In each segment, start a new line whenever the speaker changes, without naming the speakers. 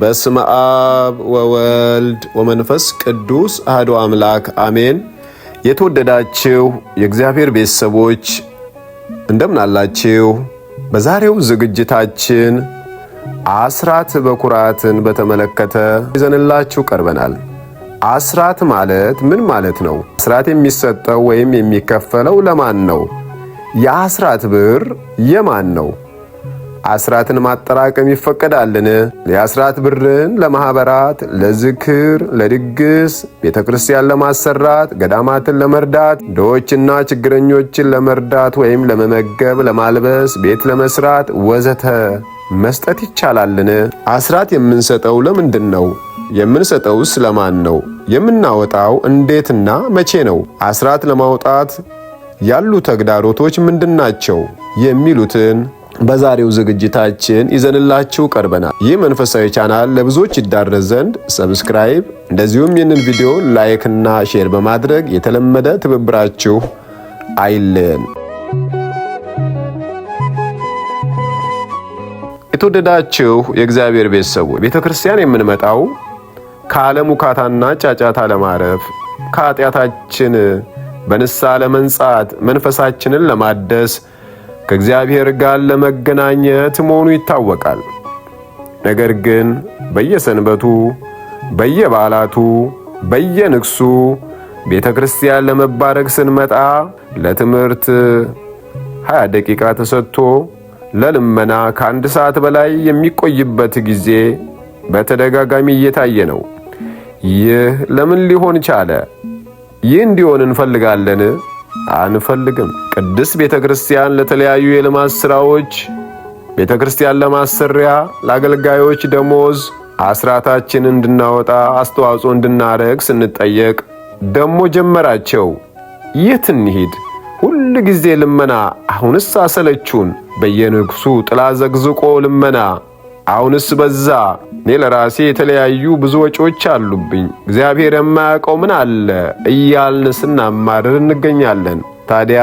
በስመ አብ ወወልድ ወመንፈስ ቅዱስ አህዶ አምላክ አሜን። የተወደዳችሁ የእግዚአብሔር ቤተሰቦች እንደምን አላችሁ? በዛሬው ዝግጅታችን አስራት በኩራትን በተመለከተ ይዘንላችሁ ቀርበናል። አስራት ማለት ምን ማለት ነው? አስራት የሚሰጠው ወይም የሚከፈለው ለማን ነው? የአስራት ብር የማን ነው? አስራትን ማጠራቀም ይፈቀዳልን? የአስራት ብርን ለማኅበራት፣ ለዝክር፣ ለድግስ፣ ቤተ ክርስቲያን ለማሰራት፣ ገዳማትን ለመርዳት፣ ድሆችና ችግረኞችን ለመርዳት ወይም ለመመገብ፣ ለማልበስ፣ ቤት ለመስራት ወዘተ መስጠት ይቻላልን? አስራት የምንሰጠው ለምንድን ነው? የምንሰጠውስ ለማን ነው? የምናወጣው እንዴትና መቼ ነው? አስራት ለማውጣት ያሉ ተግዳሮቶች ምንድናቸው? የሚሉትን በዛሬው ዝግጅታችን ይዘንላችሁ ቀርበናል። ይህ መንፈሳዊ ቻናል ለብዙዎች ይዳረስ ዘንድ ሰብስክራይብ፣ እንደዚሁም ይህንን ቪዲዮ ላይክና ሼር በማድረግ የተለመደ ትብብራችሁ አይልን። የተወደዳችሁ የእግዚአብሔር ቤተሰቡ ቤተ ክርስቲያን የምንመጣው ከዓለም ውካታና ጫጫታ ለማረፍ ከኃጢአታችን በንስሐ ለመንጻት መንፈሳችንን ለማደስ ከእግዚአብሔር ጋር ለመገናኘት መሆኑ ይታወቃል። ነገር ግን በየሰንበቱ፣ በየበዓላቱ፣ በየንግሱ ቤተ ክርስቲያን ለመባረክ ስንመጣ ለትምህርት 20 ደቂቃ ተሰጥቶ ለልመና ከአንድ ሰዓት በላይ የሚቆይበት ጊዜ በተደጋጋሚ እየታየ ነው። ይህ ለምን ሊሆን ቻለ? ይህ እንዲሆን እንፈልጋለን? አንፈልግም። ቅድስት ቤተ ክርስቲያን ለተለያዩ የልማት ሥራዎች ቤተ ክርስቲያን ለማሰሪያ ለአገልጋዮች ደሞዝ አስራታችን እንድናወጣ አስተዋጽኦ እንድናረግ ስንጠየቅ ደሞ ጀመራቸው። የት እንሂድ? ሁል ጊዜ ልመና። አሁንስ አሰለቹን። በየንጉሱ ጥላ ዘግዝቆ ልመና አሁንስ በዛ። እኔ ለራሴ የተለያዩ ብዙ ወጪዎች አሉብኝ፣ እግዚአብሔር የማያውቀው ምን አለ እያልን ስናማርር እንገኛለን። ታዲያ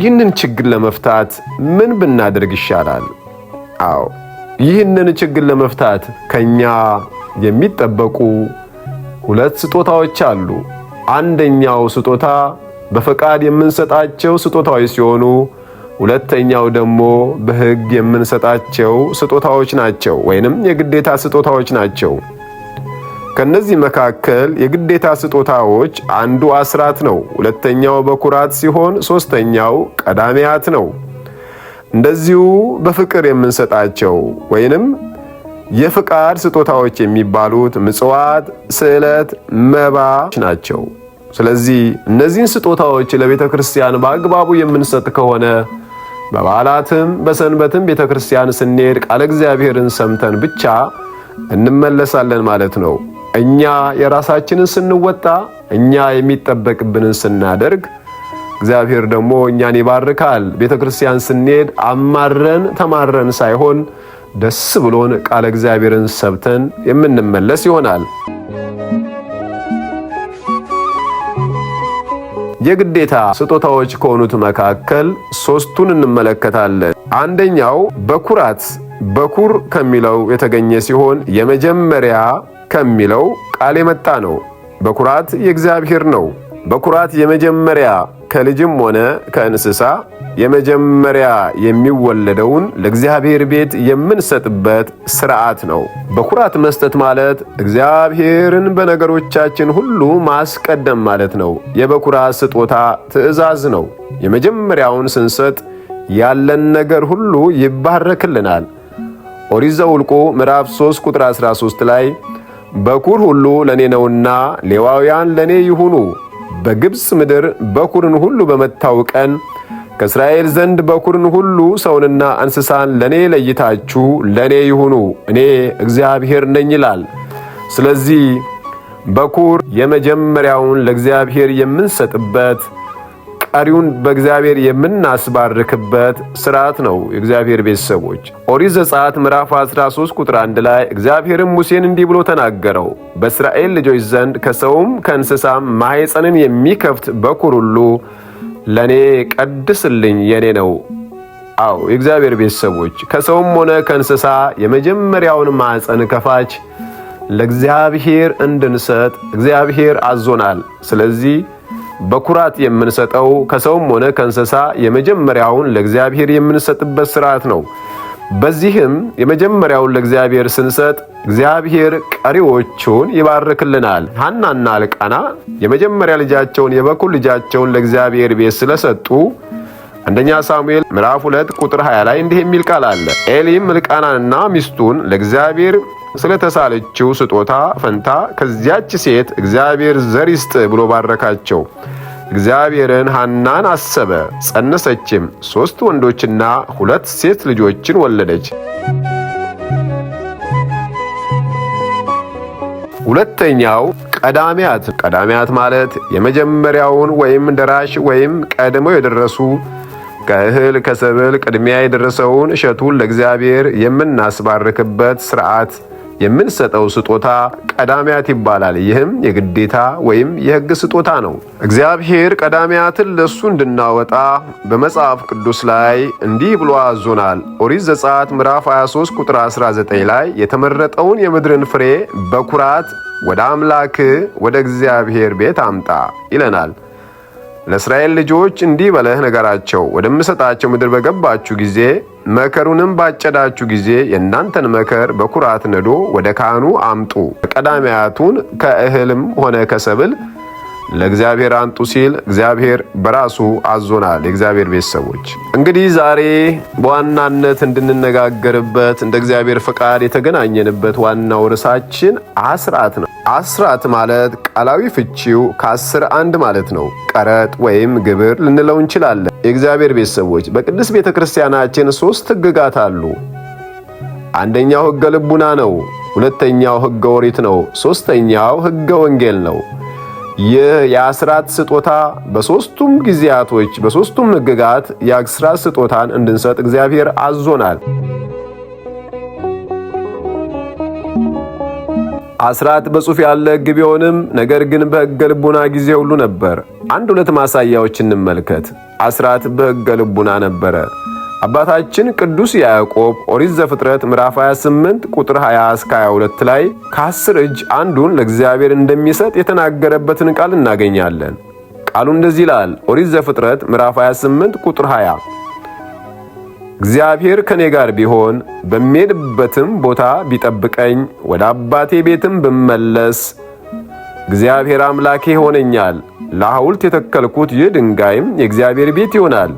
ይህንን ችግር ለመፍታት ምን ብናደርግ ይሻላል? አዎ ይህንን ችግር ለመፍታት ከኛ የሚጠበቁ ሁለት ስጦታዎች አሉ። አንደኛው ስጦታ በፈቃድ የምንሰጣቸው ስጦታዎች ሲሆኑ ሁለተኛው ደግሞ በሕግ የምንሰጣቸው ስጦታዎች ናቸው ወይንም የግዴታ ስጦታዎች ናቸው። ከነዚህ መካከል የግዴታ ስጦታዎች አንዱ አስራት ነው፣ ሁለተኛው በኩራት ሲሆን፣ ሶስተኛው ቀዳሚያት ነው። እንደዚሁ በፍቅር የምንሰጣቸው ወይንም የፍቃድ ስጦታዎች የሚባሉት ምጽዋት፣ ስዕለት፣ መባ ናቸው። ስለዚህ እነዚህን ስጦታዎች ለቤተ ክርስቲያን በአግባቡ የምንሰጥ ከሆነ በበዓላትም በሰንበትም ቤተ ክርስቲያን ስንሄድ ቃለ እግዚአብሔርን ሰምተን ብቻ እንመለሳለን ማለት ነው። እኛ የራሳችንን ስንወጣ፣ እኛ የሚጠበቅብንን ስናደርግ እግዚአብሔር ደግሞ እኛን ይባርካል። ቤተ ክርስቲያን ስንሄድ አማረን ተማረን ሳይሆን ደስ ብሎን ቃለ እግዚአብሔርን ሰብተን የምንመለስ ይሆናል። የግዴታ ስጦታዎች ከሆኑት መካከል ሶስቱን እንመለከታለን። አንደኛው በኩራት በኩር ከሚለው የተገኘ ሲሆን የመጀመሪያ ከሚለው ቃል የመጣ ነው። በኩራት የእግዚአብሔር ነው። በኩራት የመጀመሪያ ከልጅም ሆነ ከእንስሳ የመጀመሪያ የሚወለደውን ለእግዚአብሔር ቤት የምንሰጥበት ስርዓት ነው። በኩራት መስጠት ማለት እግዚአብሔርን በነገሮቻችን ሁሉ ማስቀደም ማለት ነው። የበኩራት ስጦታ ትእዛዝ ነው። የመጀመሪያውን ስንሰጥ ያለን ነገር ሁሉ ይባረክልናል። ኦሪት ዘኍልቍ ምዕራፍ 3 ቁጥር 13 ላይ በኩር ሁሉ ለእኔ ነውና ሌዋውያን ለእኔ ይሁኑ፣ በግብፅ ምድር በኩርን ሁሉ በመታው ቀን ከእስራኤል ዘንድ በኩርን ሁሉ ሰውንና እንስሳን ለእኔ ለይታችሁ ለእኔ ይሁኑ፣ እኔ እግዚአብሔር ነኝ ይላል። ስለዚህ በኩር የመጀመሪያውን ለእግዚአብሔር የምንሰጥበት ቀሪውን በእግዚአብሔር የምናስባርክበት ስርዓት ነው። የእግዚአብሔር ቤተሰቦች ኦሪት ዘጸአት ምዕራፍ 13 ቁጥር 1 ላይ እግዚአብሔርም ሙሴን እንዲህ ብሎ ተናገረው፣ በእስራኤል ልጆች ዘንድ ከሰውም ከእንስሳም ማኅፀንን የሚከፍት በኩር ሁሉ ለእኔ ቀድስልኝ የኔ ነው። አዎ የእግዚአብሔር ቤተሰቦች ከሰውም ሆነ ከእንስሳ የመጀመሪያውን ማዕፀን ከፋች ለእግዚአብሔር እንድንሰጥ እግዚአብሔር አዞናል። ስለዚህ በኩራት የምንሰጠው ከሰውም ሆነ ከእንስሳ የመጀመሪያውን ለእግዚአብሔር የምንሰጥበት ስርዓት ነው። በዚህም የመጀመሪያውን ለእግዚአብሔር ስንሰጥ እግዚአብሔር ቀሪዎቹን ይባርክልናል። ሐናና ልቃና የመጀመሪያ ልጃቸውን የበኩር ልጃቸውን ለእግዚአብሔር ቤት ስለሰጡ አንደኛ ሳሙኤል ምዕራፍ 2 ቁጥር 20 ላይ እንዲህ የሚል ቃል አለ። ኤሊም ልቃናንና ሚስቱን ለእግዚአብሔር ስለተሳለችው ስጦታ ፈንታ ከዚያች ሴት እግዚአብሔር ዘር ይስጥ ብሎ ባረካቸው። እግዚአብሔርን ሐናን አሰበ። ጸነሰችም፣ ሦስት ወንዶችና ሁለት ሴት ልጆችን ወለደች። ሁለተኛው ቀዳሚያት። ቀዳሚያት ማለት የመጀመሪያውን ወይም ደራሽ ወይም ቀድመው የደረሱ ከእህል ከሰብል ቅድሚያ የደረሰውን እሸቱን ለእግዚአብሔር የምናስባርክበት ሥርዓት የምንሰጠው ስጦታ ቀዳሚያት ይባላል። ይህም የግዴታ ወይም የሕግ ስጦታ ነው። እግዚአብሔር ቀዳሚያትን ለእሱ እንድናወጣ በመጽሐፍ ቅዱስ ላይ እንዲህ ብሎ አዞናል። ኦሪት ዘጸአት ምዕራፍ 23 ቁጥር 19 ላይ የተመረጠውን የምድርን ፍሬ በኩራት ወደ አምላክ ወደ እግዚአብሔር ቤት አምጣ ይለናል። ለእስራኤል ልጆች እንዲህ በለህ ነገራቸው ወደምሰጣቸው ምድር በገባችሁ ጊዜ መከሩንም ባጨዳችሁ ጊዜ የእናንተን መከር በኩራት ነዶ ወደ ካህኑ አምጡ። ቀዳሚያቱን ከእህልም ሆነ ከሰብል ለእግዚአብሔር አንጡ ሲል እግዚአብሔር በራሱ አዞናል። የእግዚአብሔር ቤተሰቦች እንግዲህ ዛሬ በዋናነት እንድንነጋገርበት እንደ እግዚአብሔር ፈቃድ የተገናኘንበት ዋናው ርዕሳችን አስራት ነው። አስራት ማለት ቃላዊ ፍቺው ከአስር አንድ ማለት ነው። ቀረጥ ወይም ግብር ልንለው እንችላለን። የእግዚአብሔር ቤተሰቦች በቅድስት ቤተ ክርስቲያናችን ሦስት ሕግጋት አሉ። አንደኛው ሕገ ልቡና ነው። ሁለተኛው ሕገ ኦሪት ነው። ሦስተኛው ሕገ ወንጌል ነው። ይህ የአስራት ስጦታ በሶስቱም ጊዜያቶች በሶስቱም ሕግጋት የአስራት ስጦታን እንድንሰጥ እግዚአብሔር አዞናል። አስራት በጽሑፍ ያለ ሕግ ቢሆንም ነገር ግን በሕገ ልቡና ጊዜ ሁሉ ነበር። አንድ ሁለት ማሳያዎች እንመልከት። አስራት በሕገ ልቡና ነበረ። አባታችን ቅዱስ ያዕቆብ ኦሪት ዘፍጥረት ምዕራፍ 28 ቁጥር 20 እስከ 22 ላይ ከአስር እጅ አንዱን ለእግዚአብሔር እንደሚሰጥ የተናገረበትን ቃል እናገኛለን። ቃሉ እንደዚህ ይላል። ኦሪት ዘፍጥረት ምዕራፍ 28 ቁጥር 20 እግዚአብሔር ከእኔ ጋር ቢሆን በሚሄድበትም ቦታ ቢጠብቀኝ፣ ወደ አባቴ ቤትም ብመለስ እግዚአብሔር አምላኬ ሆነኛል። ለሐውልት የተከልኩት ይህ ድንጋይም የእግዚአብሔር ቤት ይሆናል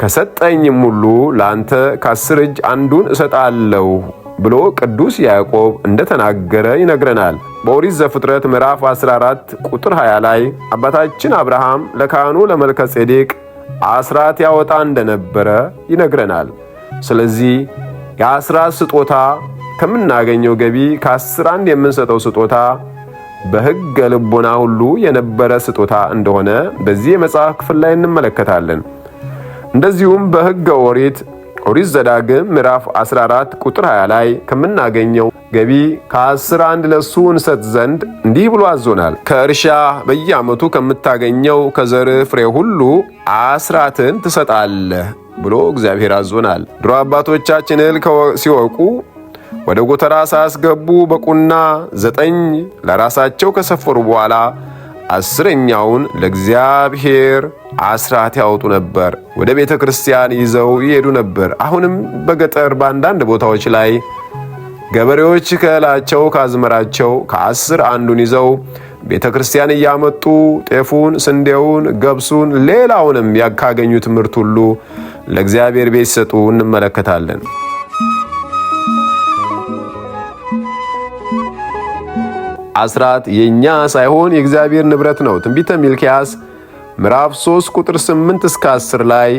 ከሰጠኝም ሁሉ ለአንተ ከአስር እጅ አንዱን እሰጣለሁ ብሎ ቅዱስ ያዕቆብ እንደተናገረ ይነግረናል። በኦሪት ዘፍጥረት ምዕራፍ 14 ቁጥር 20 ላይ አባታችን አብርሃም ለካህኑ ለመልከ ጼዴቅ አስራት ያወጣ እንደነበረ ይነግረናል። ስለዚህ የአስራት ስጦታ ከምናገኘው ገቢ ከአስር አንድ የምንሰጠው ስጦታ በሕገ ልቦና ሁሉ የነበረ ስጦታ እንደሆነ በዚህ የመጽሐፍ ክፍል ላይ እንመለከታለን። እንደዚሁም በሕገ ኦሪት ኦሪት ዘዳግም ምዕራፍ 14 ቁጥር 20 ላይ ከምናገኘው ገቢ ከአስር አንድ ለሱ እንሰጥ ዘንድ እንዲህ ብሎ አዞናል። ከእርሻ በየዓመቱ ከምታገኘው ከዘር ፍሬ ሁሉ አስራትን ትሰጣለህ ብሎ እግዚአብሔር አዞናል። ድሮ አባቶቻችን እህል ሲወቁ ወደ ጎተራ ሳያስገቡ በቁና ዘጠኝ ለራሳቸው ከሰፈሩ በኋላ አስረኛውን ለእግዚአብሔር አስራት ያወጡ ነበር። ወደ ቤተ ክርስቲያን ይዘው ይሄዱ ነበር። አሁንም በገጠር በአንዳንድ ቦታዎች ላይ ገበሬዎች ከእህላቸው ከአዝመራቸው ከአስር አንዱን ይዘው ቤተ ክርስቲያን እያመጡ ጤፉን፣ ስንዴውን፣ ገብሱን ሌላውንም ካገኙት ምርት ሁሉ ለእግዚአብሔር ቤት ሰጡ እንመለከታለን። አስራት የእኛ ሳይሆን የእግዚአብሔር ንብረት ነው። ትንቢተ ሚልኪያስ ምዕራፍ 3 ቁጥር 8 እስከ 10 ላይ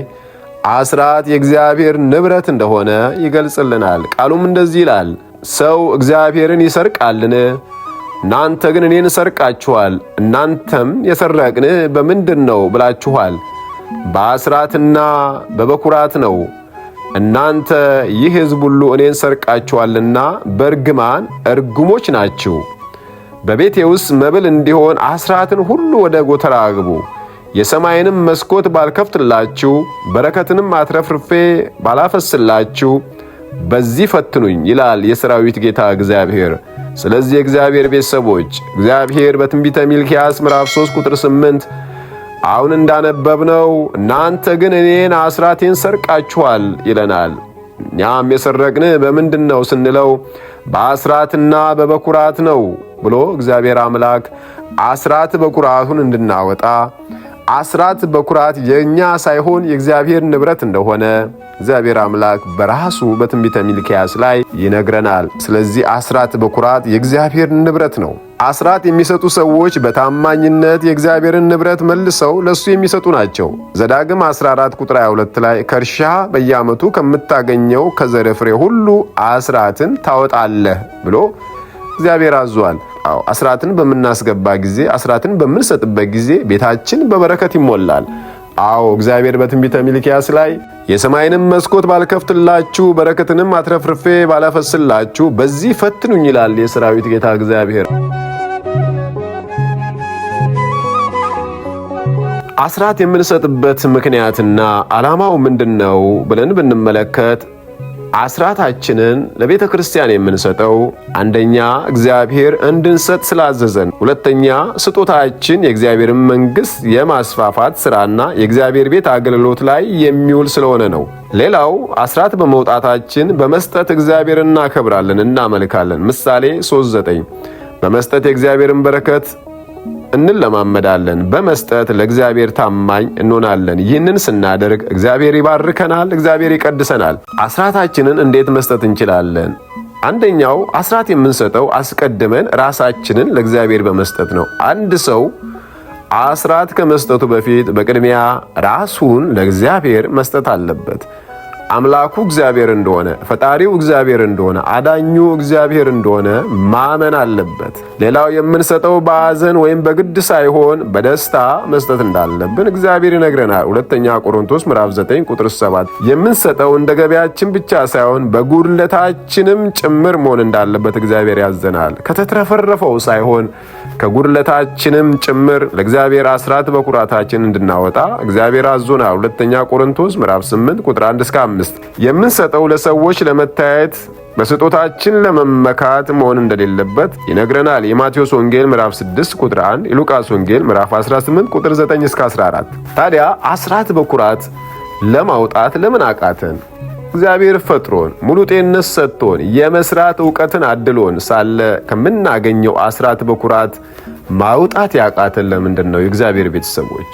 አስራት የእግዚአብሔር ንብረት እንደሆነ ይገልጽልናል። ቃሉም እንደዚህ ይላል፣ ሰው እግዚአብሔርን ይሰርቃልን? እናንተ ግን እኔን ሰርቃችኋል። እናንተም የሰረቅን በምንድን ነው ብላችኋል። በአስራትና በበኩራት ነው። እናንተ ይህ ሕዝብ ሁሉ እኔን ሰርቃችኋልና በእርግማን እርጉሞች ናችሁ። በቤቴ ውስጥ መብል እንዲሆን አስራትን ሁሉ ወደ ጎተራ አግቡ። የሰማይንም መስኮት ባልከፍትላችሁ፣ በረከትንም አትረፍርፌ ባላፈስላችሁ በዚህ ፈትኑኝ ይላል የሰራዊት ጌታ እግዚአብሔር። ስለዚህ የእግዚአብሔር ቤተሰቦች እግዚአብሔር በትንቢተ ሚልኪያስ ምዕራፍ 3 ቁጥር 8 አሁን እንዳነበብነው እናንተ ግን እኔን አስራቴን ሰርቃችኋል ይለናል። እኛም የሰረቅን በምንድን ነው ስንለው በአስራትና በበኩራት ነው። ብሎ እግዚአብሔር አምላክ አስራት በኩራቱን እንድናወጣ አስራት በኩራት የእኛ ሳይሆን የእግዚአብሔር ንብረት እንደሆነ እግዚአብሔር አምላክ በራሱ በትንቢተ ሚልክያስ ላይ ይነግረናል። ስለዚህ አስራት በኩራት የእግዚአብሔር ንብረት ነው። አስራት የሚሰጡ ሰዎች በታማኝነት የእግዚአብሔርን ንብረት መልሰው ለእሱ የሚሰጡ ናቸው። ዘዳግም 14 ቁጥር 22 ላይ ከእርሻ በየዓመቱ ከምታገኘው ከዘረፍሬ ፍሬ ሁሉ አስራትን ታወጣለህ ብሎ እግዚአብሔር አዟል። አዎ አስራትን በምናስገባ ጊዜ፣ አስራትን በምንሰጥበት ጊዜ ቤታችን በበረከት ይሞላል። አዎ እግዚአብሔር በትንቢተ ሚልኪያስ ላይ የሰማይንም መስኮት ባልከፍትላችሁ በረከትንም አትረፍርፌ ባላፈስላችሁ በዚህ ፈትኑኝ ይላል የሰራዊት ጌታ እግዚአብሔር። አስራት የምንሰጥበት ምክንያትና ዓላማው ምንድን ነው ብለን ብንመለከት አስራታችንን ለቤተ ክርስቲያን የምንሰጠው አንደኛ እግዚአብሔር እንድንሰጥ ስላዘዘን፣ ሁለተኛ ስጦታችን የእግዚአብሔርን መንግሥት የማስፋፋት ሥራና የእግዚአብሔር ቤት አገልግሎት ላይ የሚውል ስለሆነ ነው። ሌላው አስራት በመውጣታችን በመስጠት እግዚአብሔር እናከብራለን፣ እናመልካለን። ምሳሌ 3፥9 በመስጠት የእግዚአብሔርን በረከት እንለማመዳለን። በመስጠት ለእግዚአብሔር ታማኝ እንሆናለን። ይህንን ስናደርግ እግዚአብሔር ይባርከናል፣ እግዚአብሔር ይቀድሰናል። አስራታችንን እንዴት መስጠት እንችላለን? አንደኛው አስራት የምንሰጠው አስቀድመን ራሳችንን ለእግዚአብሔር በመስጠት ነው። አንድ ሰው አስራት ከመስጠቱ በፊት በቅድሚያ ራሱን ለእግዚአብሔር መስጠት አለበት። አምላኩ እግዚአብሔር እንደሆነ ፈጣሪው እግዚአብሔር እንደሆነ አዳኙ እግዚአብሔር እንደሆነ ማመን አለበት። ሌላው የምንሰጠው በሐዘን ወይም በግድ ሳይሆን በደስታ መስጠት እንዳለብን እግዚአብሔር ይነግረናል። ሁለተኛ ቆሮንቶስ ምዕራፍ 9 ቁጥር 7 የምንሰጠው እንደ ገቢያችን ብቻ ሳይሆን በጉድለታችንም ጭምር መሆን እንዳለበት እግዚአብሔር ያዘናል። ከተትረፈረፈው ሳይሆን ከጉድለታችንም ጭምር ለእግዚአብሔር አስራት በኩራታችን እንድናወጣ እግዚአብሔር አዞና ሁለተኛ ቆሮንቶስ ምዕራፍ 8 ቁጥር 1 እስከ 5 የምንሰጠው ለሰዎች ለመታየት በስጦታችን ለመመካት መሆን እንደሌለበት ይነግረናል። የማቴዎስ ወንጌል ምዕራፍ 6 ቁጥር 1፣ የሉቃስ ወንጌል ምዕራፍ 18 ቁጥር 9 እስከ 14። ታዲያ አስራት በኩራት ለማውጣት ለምን አቃተን? እግዚአብሔር ፈጥሮን ሙሉ ጤንነት ሰጥቶን የመስራት እውቀትን አድሎን ሳለ ከምናገኘው አስራት በኩራት ማውጣት ያቃተን ለምንድን ነው? የእግዚአብሔር ቤተሰቦች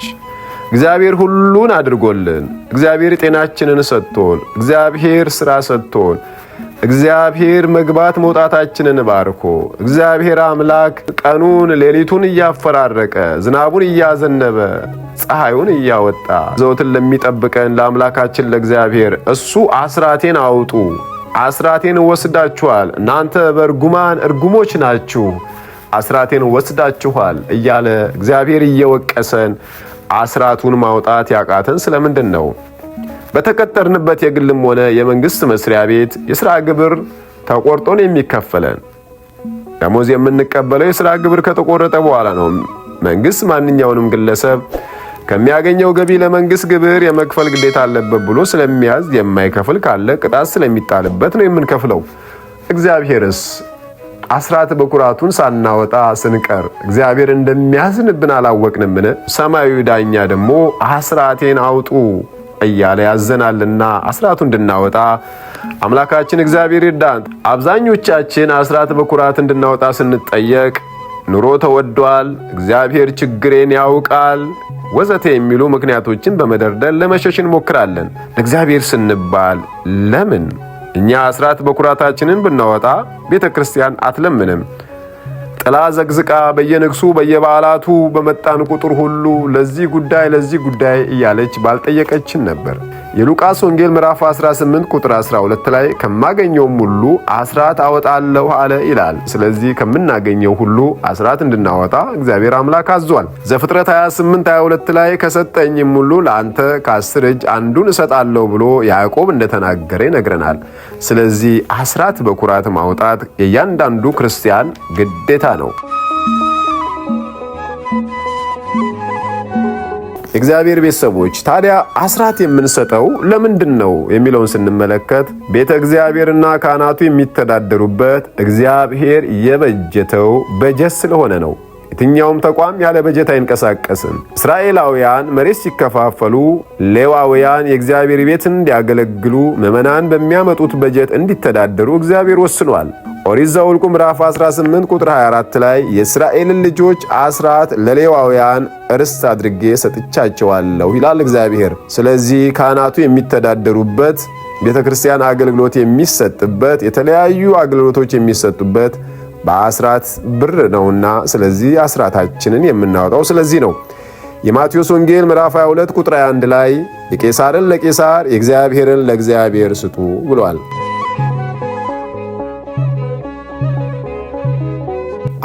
እግዚአብሔር ሁሉን አድርጎልን፣ እግዚአብሔር ጤናችንን ሰጥቶን፣ እግዚአብሔር ስራ ሰጥቶን እግዚአብሔር መግባት መውጣታችንን ባርኮ እግዚአብሔር አምላክ ቀኑን ሌሊቱን እያፈራረቀ ዝናቡን እያዘነበ ፀሐዩን እያወጣ ዘውትን ለሚጠብቀን ለአምላካችን ለእግዚአብሔር እሱ አስራቴን አውጡ አስራቴን ወስዳችኋል እናንተ በእርጉማን እርጉሞች ናችሁ አስራቴን ወስዳችኋል እያለ እግዚአብሔር እየወቀሰን አስራቱን ማውጣት ያቃተን ስለምንድን ነው? በተቀጠርንበት የግልም ሆነ የመንግስት መስሪያ ቤት የሥራ ግብር ተቆርጦን የሚከፈለን ደሞዝ የምንቀበለው የሥራ ግብር ከተቆረጠ በኋላ ነው። መንግስት ማንኛውንም ግለሰብ ከሚያገኘው ገቢ ለመንግስት ግብር የመክፈል ግዴታ አለበት ብሎ ስለሚያዝ የማይከፍል ካለ ቅጣት ስለሚጣልበት ነው የምንከፍለው። እግዚአብሔርስ አስራት በኩራቱን ሳናወጣ ስንቀር እግዚአብሔር እንደሚያዝንብን አላወቅንምን? ሰማያዊ ዳኛ ደግሞ አስራቴን አውጡ እያለ ያዘናልና አስራቱ እንድናወጣ አምላካችን እግዚአብሔር ይርዳን። አብዛኞቻችን አስራት በኩራት እንድናወጣ ስንጠየቅ ኑሮ ተወዷል፣ እግዚአብሔር ችግሬን ያውቃል ወዘተ የሚሉ ምክንያቶችን በመደርደር ለመሸሽ እንሞክራለን። ለእግዚአብሔር ስንባል ለምን እኛ አስራት በኩራታችንን ብናወጣ ቤተ ክርስቲያን አትለምንም። ጥላ ዘግዝቃ በየንግሱ በየበዓላቱ በመጣን ቁጥር ሁሉ ለዚህ ጉዳይ ለዚህ ጉዳይ እያለች ባልጠየቀችን ነበር። የሉቃስ ወንጌል ምዕራፍ 18 ቁጥር 12 ላይ ከማገኘውም ሁሉ አስራት አወጣለሁ አለ ይላል። ስለዚህ ከምናገኘው ሁሉ አስራት እንድናወጣ እግዚአብሔር አምላክ አዟል። ዘፍጥረት 28 22 ላይ ከሰጠኝም ሁሉ ለአንተ ከአስር እጅ አንዱን እሰጣለሁ ብሎ ያዕቆብ እንደተናገረ ይነግረናል። ስለዚህ አስራት በኩራት ማውጣት የእያንዳንዱ ክርስቲያን ግዴታ ነው። እግዚአብሔር ቤተሰቦች ታዲያ አስራት የምንሰጠው ለምንድን ነው የሚለውን ስንመለከት ቤተ እግዚአብሔርና ካህናቱ የሚተዳደሩበት እግዚአብሔር የበጀተው በጀት ስለሆነ ነው። የትኛውም ተቋም ያለ በጀት አይንቀሳቀስም። እስራኤላውያን መሬት ሲከፋፈሉ ሌዋውያን የእግዚአብሔር ቤት እንዲያገለግሉ፣ ምዕመናን በሚያመጡት በጀት እንዲተዳደሩ እግዚአብሔር ወስኗል። ኦሪት ዘኍልቍ ምዕራፍ 18 ቁጥር 24 ላይ የእስራኤልን ልጆች አስራት ለሌዋውያን እርስ አድርጌ ሰጥቻቸዋለሁ ይላል እግዚአብሔር። ስለዚህ ካህናቱ የሚተዳደሩበት ቤተ ክርስቲያን አገልግሎት የሚሰጥበት የተለያዩ አገልግሎቶች የሚሰጡበት በአስራት ብር ነውና፣ ስለዚህ አስራታችንን የምናወጣው ስለዚህ ነው። የማቴዎስ ወንጌል ምዕራፍ 22 ቁጥር 21 ላይ የቄሳርን ለቄሳር የእግዚአብሔርን ለእግዚአብሔር ስጡ ብሏል።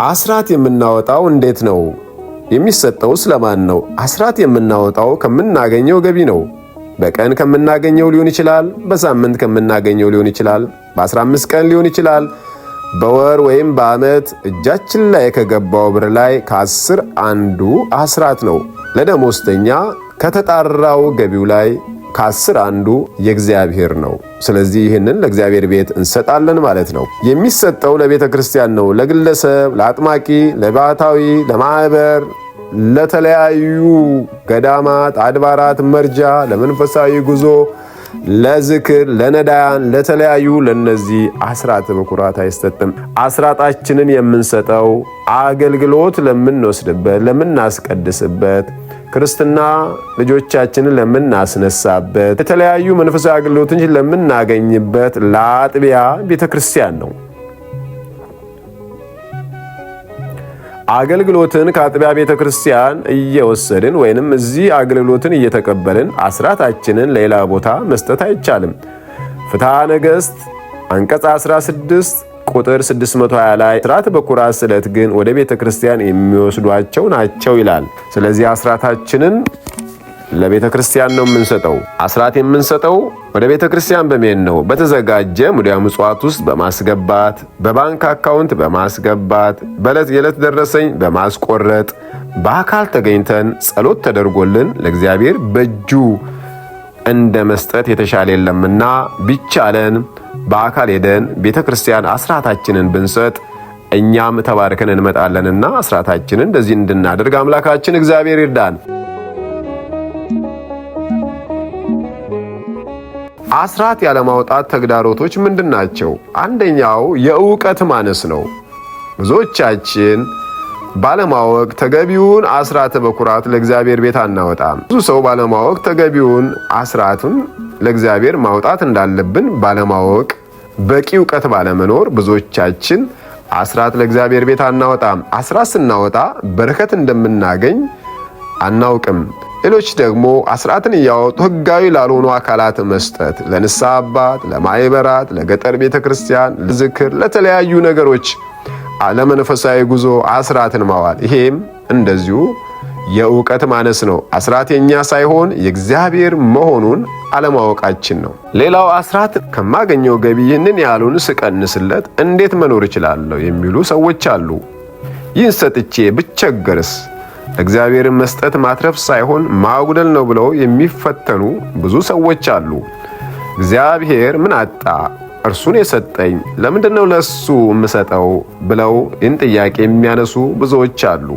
አስራት የምናወጣው እንዴት ነው? የሚሰጠውስ ለማን ነው? አስራት የምናወጣው ከምናገኘው ገቢ ነው። በቀን ከምናገኘው ሊሆን ይችላል። በሳምንት ከምናገኘው ሊሆን ይችላል። በ15 ቀን ሊሆን ይችላል። በወር ወይም በዓመት እጃችን ላይ ከገባው ብር ላይ ከአስር አንዱ አስራት ነው። ለደሞዝተኛ ከተጣራው ገቢው ላይ ከአስር አንዱ የእግዚአብሔር ነው። ስለዚህ ይህንን ለእግዚአብሔር ቤት እንሰጣለን ማለት ነው። የሚሰጠው ለቤተ ክርስቲያን ነው። ለግለሰብ፣ ለአጥማቂ፣ ለባህታዊ፣ ለማህበር፣ ለተለያዩ ገዳማት፣ አድባራት መርጃ፣ ለመንፈሳዊ ጉዞ፣ ለዝክር፣ ለነዳያን፣ ለተለያዩ ለነዚህ አስራት በኩራት አይሰጥም። አስራጣችንን የምንሰጠው አገልግሎት ለምንወስድበት፣ ለምናስቀድስበት ክርስትና ልጆቻችንን ለምናስነሳበት የተለያዩ መንፈሳዊ አገልግሎቶች ለምናገኝበት ለአጥቢያ ቤተ ክርስቲያን ነው። አገልግሎትን ከአጥቢያ ቤተ ክርስቲያን እየወሰድን ወይንም እዚህ አገልግሎትን እየተቀበልን አስራታችንን ሌላ ቦታ መስጠት አይቻልም። ፍትሐ ነገሥት አንቀጽ 16 ቁጥር 620 ላይ ስርዓት በኩራት ስዕለት ግን ወደ ቤተ ክርስቲያን የሚወስዷቸው ናቸው ይላል። ስለዚህ አስራታችንን ለቤተ ክርስቲያን ነው የምንሰጠው። አስራት የምንሰጠው ወደ ቤተ ክርስቲያን በመሄድ ነው። በተዘጋጀ ሙዲያ ምጽዋት ውስጥ በማስገባት በባንክ አካውንት በማስገባት በዕለት የዕለት ደረሰኝ በማስቆረጥ በአካል ተገኝተን ጸሎት ተደርጎልን ለእግዚአብሔር በእጁ እንደ መስጠት የተሻለ የለምና ቢቻለን በአካል ሄደን ቤተ ክርስቲያን አስራታችንን ብንሰጥ እኛም ተባርከን እንመጣለንና አስራታችንን እንደዚህ እንድናደርግ አምላካችን እግዚአብሔር ይርዳን። አስራት ያለማውጣት ተግዳሮቶች ምንድን ናቸው? አንደኛው የእውቀት ማነስ ነው። ብዙዎቻችን ባለማወቅ ተገቢውን አስራት በኩራት ለእግዚአብሔር ቤት አናወጣም። ብዙ ሰው ባለማወቅ ተገቢውን አስራቱን ለእግዚአብሔር ማውጣት እንዳለብን ባለማወቅ በቂ እውቀት ባለመኖር ብዙዎቻችን አስራት ለእግዚአብሔር ቤት አናወጣም፣ አስራት ስናወጣ በረከት እንደምናገኝ አናውቅም። ሌሎች ደግሞ አስራትን እያወጡ ህጋዊ ላልሆኑ አካላት መስጠት፣ ለንስሐ አባት፣ ለማይበራት፣ ለገጠር ቤተ ክርስቲያን፣ ለዝክር፣ ለተለያዩ ነገሮች፣ ለመንፈሳዊ ጉዞ አስራትን ማዋል፣ ይሄም እንደዚሁ የእውቀት ማነስ ነው። አስራት ሳይሆን የእግዚአብሔር መሆኑን አለማወቃችን ነው። ሌላው አስራት ከማገኘው ገቢ ይህንን ያህሉን ስቀንስለት እንዴት መኖር እችላለሁ የሚሉ ሰዎች አሉ። ይህን ሰጥቼ ብቸገርስ? ለእግዚአብሔርን መስጠት ማትረፍ ሳይሆን ማጉደል ነው ብለው የሚፈተኑ ብዙ ሰዎች አሉ። እግዚአብሔር ምን አጣ እርሱን የሰጠኝ ለምንድን ነው ለሱ የምሰጠው ብለው ይህን ጥያቄ የሚያነሱ ብዙዎች አሉ።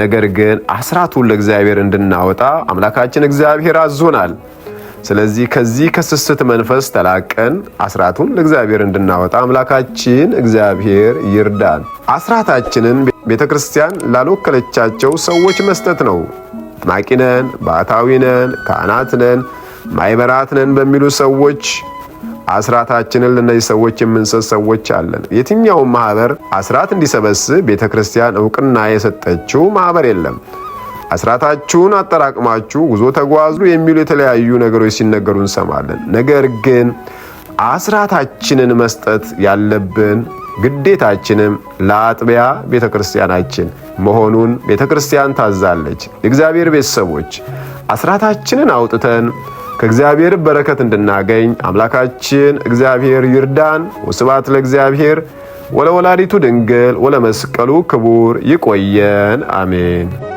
ነገር ግን አስራቱን ለእግዚአብሔር እንድናወጣ አምላካችን እግዚአብሔር አዞናል። ስለዚህ ከዚህ ከስስት መንፈስ ተላቀን አስራቱን ለእግዚአብሔር እንድናወጣ አምላካችን እግዚአብሔር ይርዳን። አስራታችንን ቤተ ክርስቲያን ላልወከለቻቸው ሰዎች መስጠት ነው። አጥማቂ ነን፣ ባሕታዊ ነን፣ ካህናት ነን፣ ማይበራት ነን በሚሉ ሰዎች አስራታችንን ለነዚህ ሰዎች የምንሰጥ ሰዎች አለን። የትኛውም ማህበር አስራት እንዲሰበስብ ቤተ ክርስቲያን እውቅና የሰጠችው ማህበር የለም። አስራታችሁን አጠራቅማችሁ ጉዞ ተጓዙ የሚሉ የተለያዩ ነገሮች ሲነገሩ እንሰማለን። ነገር ግን አስራታችንን መስጠት ያለብን ግዴታችንም ለአጥቢያ ቤተ ክርስቲያናችን መሆኑን ቤተ ክርስቲያን ታዛለች። የእግዚአብሔር ቤተሰቦች አስራታችንን አውጥተን ከእግዚአብሔር በረከት እንድናገኝ አምላካችን እግዚአብሔር ይርዳን። ወስብሐት ለእግዚአብሔር ወለወላዲቱ ድንግል ወለመስቀሉ ክቡር። ይቆየን። አሜን።